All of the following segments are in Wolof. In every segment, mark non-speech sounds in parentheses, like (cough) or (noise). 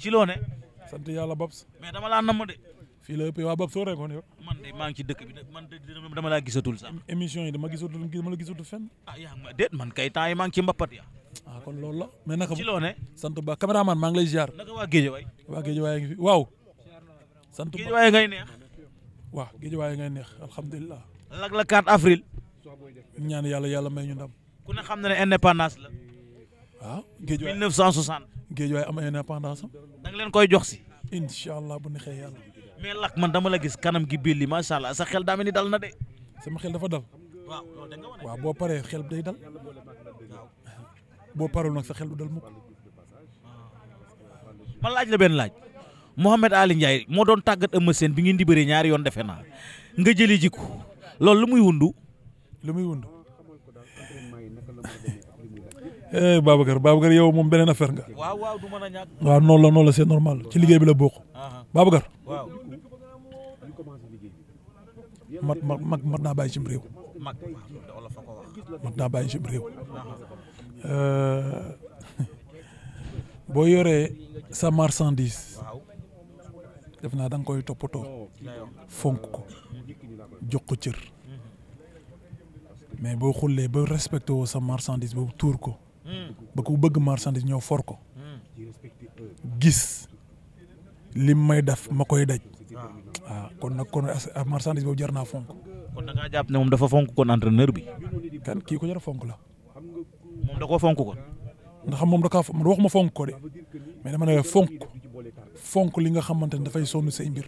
ci loo ne. sant yàlla Babs. mais dama laa namm de. fii la ëpp waa Babs soo rekkoon yow. man de maa ngi ci dëkk bi de man de dama laa gisatul sax. émission yi ma gisatul dama la gisatul fenn. ah ma déet man kay temps yi maa ngi ci mbapat ya ah kon loolu la mais naka. ci loo ne. sant ba caméraman maa ngi lay ziar. naka waa Géejawaay. waa Géejawaay ngi fi waaw. sant ba Géejawaay ngay neex. waaw Géejawaay ngay neex alhamdulilah. lag la 4 avril. ñaan yàlla yàlla may ñu ndam. ku ne xam na ne indépendance la. waaw ah, Géejawaay 1960. Géejawaay am indépendance am. da nga leen koy jox si. incha allah bu neexee yàlla. mais lak man dama la gis kanam gi biir li macha allah sa xel daa mel dal na de. sama xel dafa dal. waaw waaw boo paree xel day dal. boo parul nag sa xel du dal mukk. Ah. ma laaj la benn laaj. Mouhamed Ali Ndiaye moo doon tàggat Eumeu seen bi ngeen di bëree ñaari yoon defe naa nga jëli jiku loolu lu muy wundu. lu muy wundu. eh Babacar Babacar yow moom beneen affaire nga. waaw waaw du la noonu la c'est normal ci liggéey bi la bokk. Uh-huh. Babacar. waaw. mat mat mat naa bàyyi cim réew. mat mat naa uh-huh. eh, yoree sa marchandise. def naa da koy toppatoo. fonk ko mm-hmm. jox ko mm-hmm. mais boo xullee ba respecté woo sa marchandise boobu tuur ko. ba ku bëgg marchandise ñëw for ko hmm. gis lim may def ma koy daj. waaw ah. ah, kon nag kon ah, marchandise boobu jar naa fonk. kon da jàpp ne moom dafa fonk kon entraîneur bi. kan kii ko jar fonk la. moom da fonk ko. nga xam moom da kaa waxuma fonk ko de mais dama ne fonk fonk li nga xamante ne dafay sonn say mbir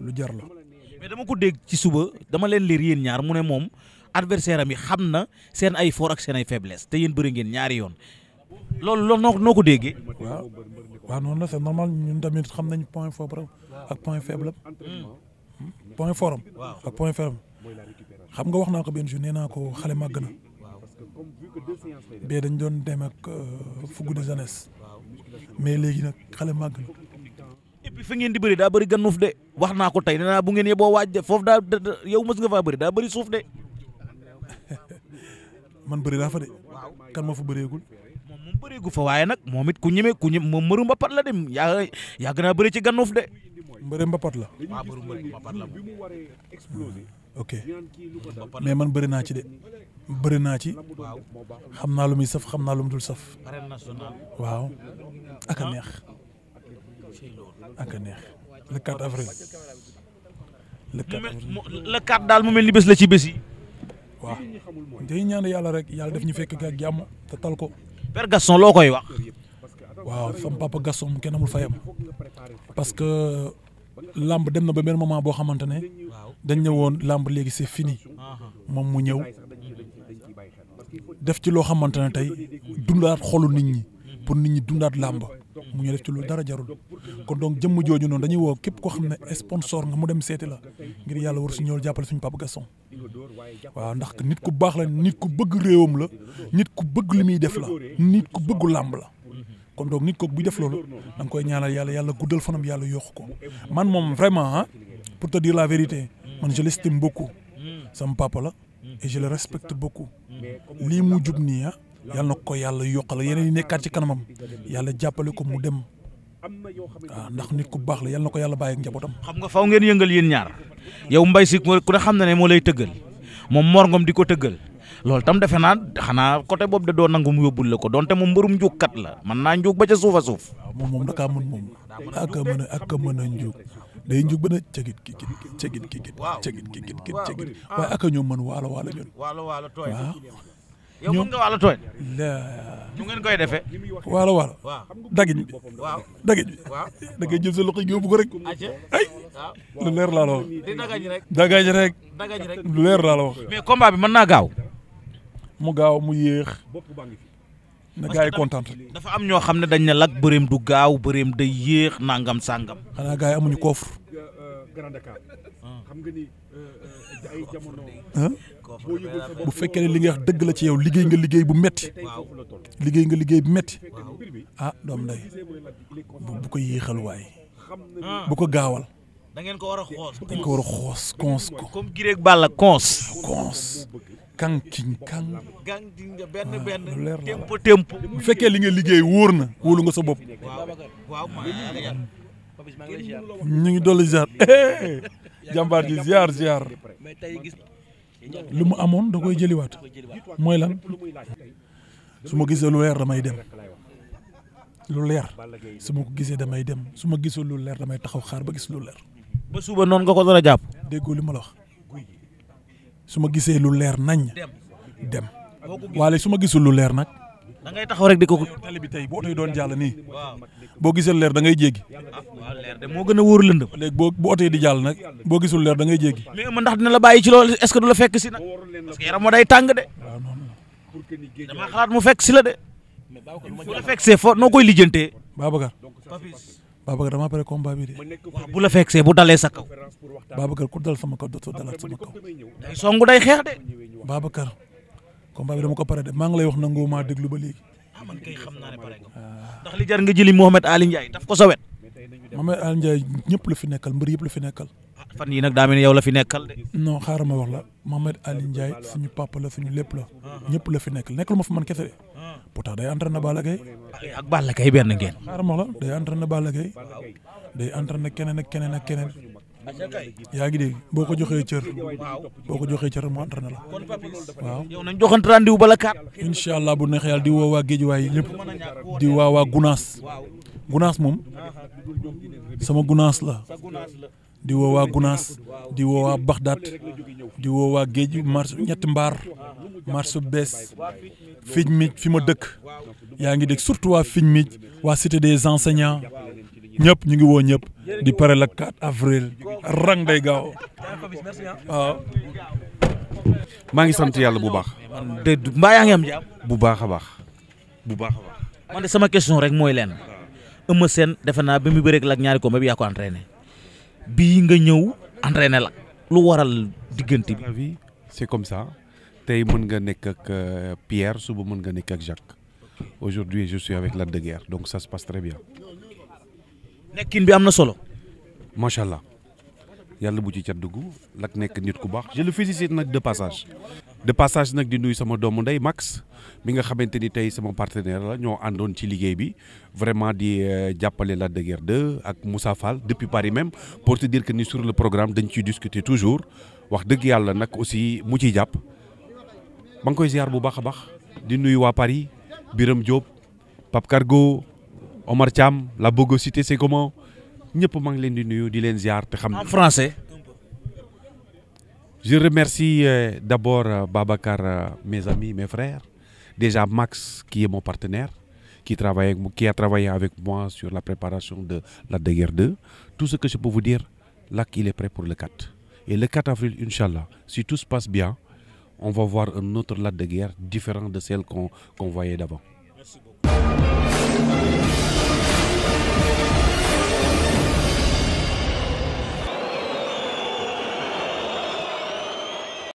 lu jar la. mais dama ko dégg ci suba dama leen lire yéen ñaar mu ne moom. adversaire am xam na seen ay fort ak seen ay faiblesse te yéen bëri ngeen ñaari yoon loolu loolu noo noo ko déggee. waaw waaw noonu la c'est normal ñun tamit xam nañ point fort ak point faible hmm? point fort ak point faible xam nga wax naa ko benn jour nee naa ko na bee dañ doon dem ak euh, de jeunesse mais léegi nag na. et puis fi ngeen di bëri daa bëri gannuuf de wax naa ko tey nee naa bu ngeen yeboo waaj de foofu daa yow mës nga faa bëri daa suuf de. man bëri fa de kan ma fa bëreegul. moom moom bëreegu fa waaye nag moom it ku ñeme ku ñeme moom mbëru mbapat la dem yaa yàgg naa bëri ci gannuuf de. mbëre mbapat la. waaw mbëru mbapat la moom. Hmm. ok mais man bëri naa ci de bëri ci xam naa lu muy saf xam naa lu mu dul saf. waaw ak a neex ak a neex le 4 avril. le 4 daal mu mel ni bés la ci bés yi. waaw dañuy ñaan yàlla rek yàlla def ñu fekk ak jàmm te tal ko. Père Gaston loo koy wax. waaw sama papa Gaston kenn amul fayam parce que làmb dem na ba benn moment boo xamante ne dañ ne woon làmb léegi c'est fini moom mu ñëw def ci loo xamante ne tey dundaat xolu nit ñi pour nit ñi dundaat làmb. mu ñu def ci lu dara jarul kon donc jëmm jooju noonu dañuy woo képp koo xam ne sponsor nga mu dem seeti la ngir yàlla war su ñëw jàppale suñu Papa Gaston waaw ndax nit ku baax la nit ku bëgg réewam la nit ku bëgg li muy def la nit ku bëggu làmb la kon donc nit kooku bu def loolu da nga koy ñaanal yàlla yàlla guddal fanam yàlla yokk ko man moom vraiment ah pour te dire la vérité man je l'estime beaucoup sama papa la et je le respecte beaucoup lii mu nii ah yal na ko yàlla yokkal yeneen yi nekkaat ci kanamam yàlla jàppale ko mu dem waaw ah, ndax nit ku baax la yal na ko yàlla bàyyi ak njabootam. xam nga faw ngeen yëngal yéen ñaar yow mbay si ku ne xam na ne moo lay tëggal moom Mor Ngom di ko tëggal loolu tam defe naa xanaa côté boobu da doo nangu mu yóbbul la ko donte moom mbërum njuugkat la man naa njuug ba ca suuf a suuf. waaw ah, moom moom da kaa mën moom ak a mën a ak a mën a day njug ba a cegit ki kit cegit ki kit cegit ki kit cegit waaye ak a ñoo mën waalo waalo yow mën nga ngeen koy defee. waalo waalo. waaw dagg bi. waaw da ngay jël sa loxo yóbbu ko rek. ay lu leer laa la dagaj rek. dagaj rek. lu leer laa la wax. mais combat bi mën naa gaaw. mu gaaw mu yéex. na gars yi kontaan dafa am ñoo xam ne dañ ne lak bëreem du gaaw bëreem day yéex nangam sangam. xanaa gars amuñu coffre. Grand Dakar. xam nga ni euh, euh, ay jamono. bu fekkee ne li nga wax dëgg la ci yow liggéey nga liggéey bu metti liggéey nga liggéey bu metti ah doom nday bu ko yéexal waay ah. bu ko gaawal. dangeen ko war a xoos. da ko war a xoos cons ko. comme Girek Balla cons. cons. kankiñ kang. benn ah, benn tempo tempo. bu fekkee li nga liggéey wóor na wóolu nga sa bopp. waaw waaw ñu ngi dolli ziar (laughs) jàmbaar ji ziar ziar li mu amoon da koy jëliwaat mooy lan su ma gisee lu leer damay dem lu leer su ma gisee damay dem su ma gisee lu leer damay taxaw xaar ba gis lu leer. ba suba noonu nga ko doon a jàpp. déggoo li ma la wax su ma gisee lu leer nañ dem waale su ma gisul lu leer nag. dangay taxaw rek di ko. tali bi tey boo oto yi doon jàll nii. boo gisul leer da ngay jéggi. waaw leer de moo gën a wóor lëndëm. léegi boo bu oto yi di jàll nag boo gisul leer da ngay jéggi. mais man ndax dina la bàyyi ci loolu est-ce que du la fekk si nag parce que yaram moo day tàng de. damaa xalaat mu fekk si la de. bu la fekk see fo noo koy lijjantee. Babacar. Babacar damaa pare combat bi de. bu la fekk see bu dalee sa kaw. Babacar ku dal sama kaw dootoo dalaat sama kaw. day songu day xeex de. Babacar. combat bi dama ko pare de maa ngi lay wax nangoo maa déglu ba léegi. ah man kay xam naa ne pare nga. ndax li jar nga jëli Mouhamed Ali Ndiaye daf ko sa wet. Ali Ndiaye ñëpp la fi nekkal mbër yëpp la fi nekkal. Ah, fan yii nag daa mel ni yow la xaaral ma wax la Mouhamed Ali Ndiaye suñu papa la suñu lépp la. Ah. ñëpp la fi nekkal nekkal ma fi man kese de. Ah. pourtant day entraîné Balla Gaye. Eh, ak Balla Gaye benn ngeen. xaaral ma wax la day entraîné Balla Gaye day entraîné keneen keneen ak keneen. yaa ngi dégg boo ko joxee cër boo ko joxee cër mu entraîné la waaw. yow nañ joxante rendez-vous bala kaat. incha allah bu neex yàlla di woo waa Géejawaay yëpp di waa waa Gunaas Gunaas moom sama Gunaas la di woo waa Gunaas di woo waa Baxdaat di woo waa Géej marché ñetti mbaar marché bees fiñ mi fi ma dëkk yaa ngi dégg surtout waa fiñ mi waa cité des enseignants ñëpp ñu ngi woo ñëpp. di pare la 4 avril rang day gaaw maa ngi sant yàlla bu baax. de mbaa yaa ngi am jàmm. bu baax a baax bu baax a baax. man de sama question rek mooy leen Eumeu seen defe naa ba mu bëreeg la ak ñaari combat bi yaa ko entraîné bii nga ñëw entraîné la lu waral diggante bi. c'est comme ça tey mën nga nekk ak euh, Pierre suba mun nga nekk ak Jacques aujourd'hui je suis avec Lac de Guiers donc ça se passe très bien. nekkin bi am na solo. macha allah yàlla bu ci cat dugg lak nekk nit ku baax je le félicite nag de passage. de passage nag di nuyu sama doomu ndey Max bi nga xamante ni tey sama partenaire la ñoo àndoon ci liggéey bi vraiment di euh, jàppale Lac de Guiers 2 ak mussa Fall depuis Paris même pour te dire que ni sur le programme dañ ciy discuter toujours wax dëgg yàlla nag aussi mu ciy jàpp ba nga koy ziar bu baax a baax di nuyu waa Paris Biram Diop Pape Cargo Omar Thiam la bëgg a citer c'est comment ñëpp maa ngi leen di nuyu di leen ziar te xam. en français. je remercie euh, d'abord euh, Babacar euh, mes amis mes frères déjà Max qui est mon partenaire qui travaille avec qui a travaillé avec moi sur la préparation de la Lac de tout ce que je peux vous dire Lac il est prêt pour le 4 et le 4 avril Inch'Allah si tout se passe bien on va voir un autre Lac de Guiers différent de celle qu'on qu'on voyait d'avant